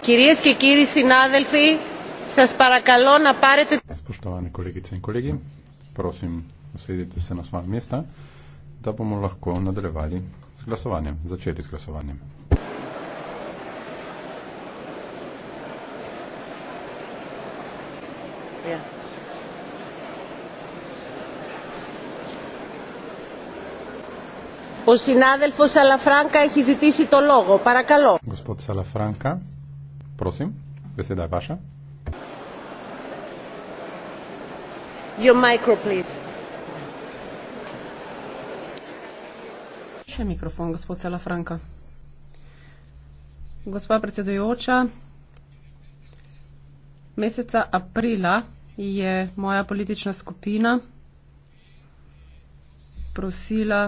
Κυρίε και κύριοι συνάδελφοι, σα παρακαλώ να πάρετε. Σπουστοβάνε κολλήγοι και κολλήγοι, πρόσιμ, σε ένα σφαλ μίστα, τα πούμε λαχκό να δελεβάλει σκλασοβάνε, ζατσέλη σκλασοβάνε. Yeah. Ο συνάδελφος Σαλαφράνκα έχει ζητήσει το λόγο. Παρακαλώ. Господ Σαλαφράνκα, просим, беседа е ваша. Your micro, please. Še mikrofon, gospod Salafranka. Gospa predsedujoča, meseca aprila je moja politična skupina prosila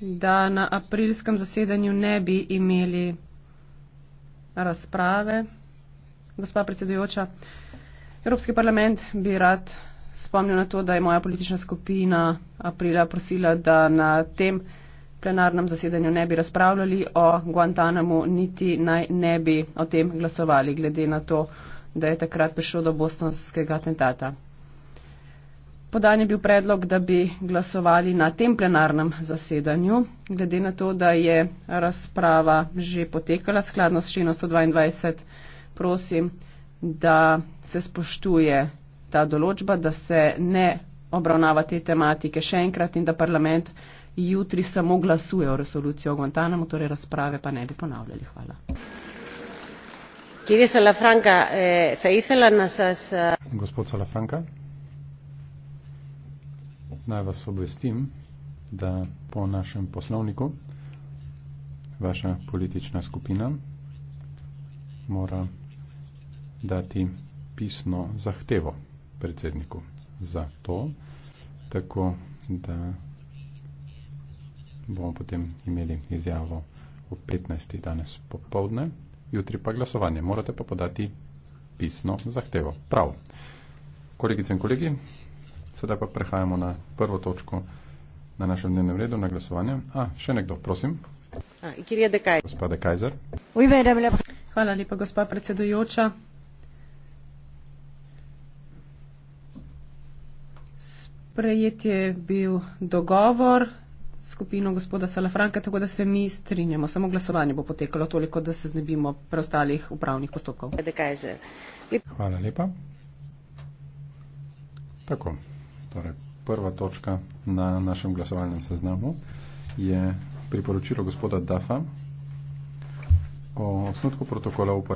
da na aprilskem zasedanju ne bi imeli razprave. Gospa predsedujoča, Evropski parlament bi rad spomnil na to, da je moja politična skupina aprila prosila, da na tem plenarnem zasedanju ne bi razpravljali o Guantanamu, niti naj ne bi o tem glasovali, glede na to, da je takrat prišlo do bostonskega atentata. Podan je bil predlog, da bi glasovali na tem plenarnem zasedanju, glede na to, da je razprava že potekala skladno s členom 122. Prosim, da se spoštuje ta določba, da se ne obravnava te tematike še enkrat in da parlament jutri samo glasuje o resoluciji o Guantanamo, torej razprave pa ne bi ponavljali. Hvala. Gospod Salafranka, naj vas obvestim, da po našem poslovniku vaša politična skupina mora dati pisno zahtevo predsedniku za to, tako da bomo potem imeli izjavo v 15. danes popovdne, jutri pa glasovanje. Morate pa podati pisno zahtevo. Prav. Kolegice in kolegi, Sedaj pa prehajamo na prvo točko na našem dnevnem redu, na glasovanje. A, še nekdo, prosim. Kirija Dekajzer. Gospod Dekajzer. Hvala lepa, gospa predsedujoča. Sprejet je bil dogovor skupino gospoda Salafranka, tako da se mi strinjamo. Samo glasovanje bo potekalo toliko, da se znebimo preostalih upravnih postopkov. Hvala lepa. Tako torej prva točka na našem glasovalnem seznamu, je priporočilo gospoda Dafa o osnutku protokola uporabe.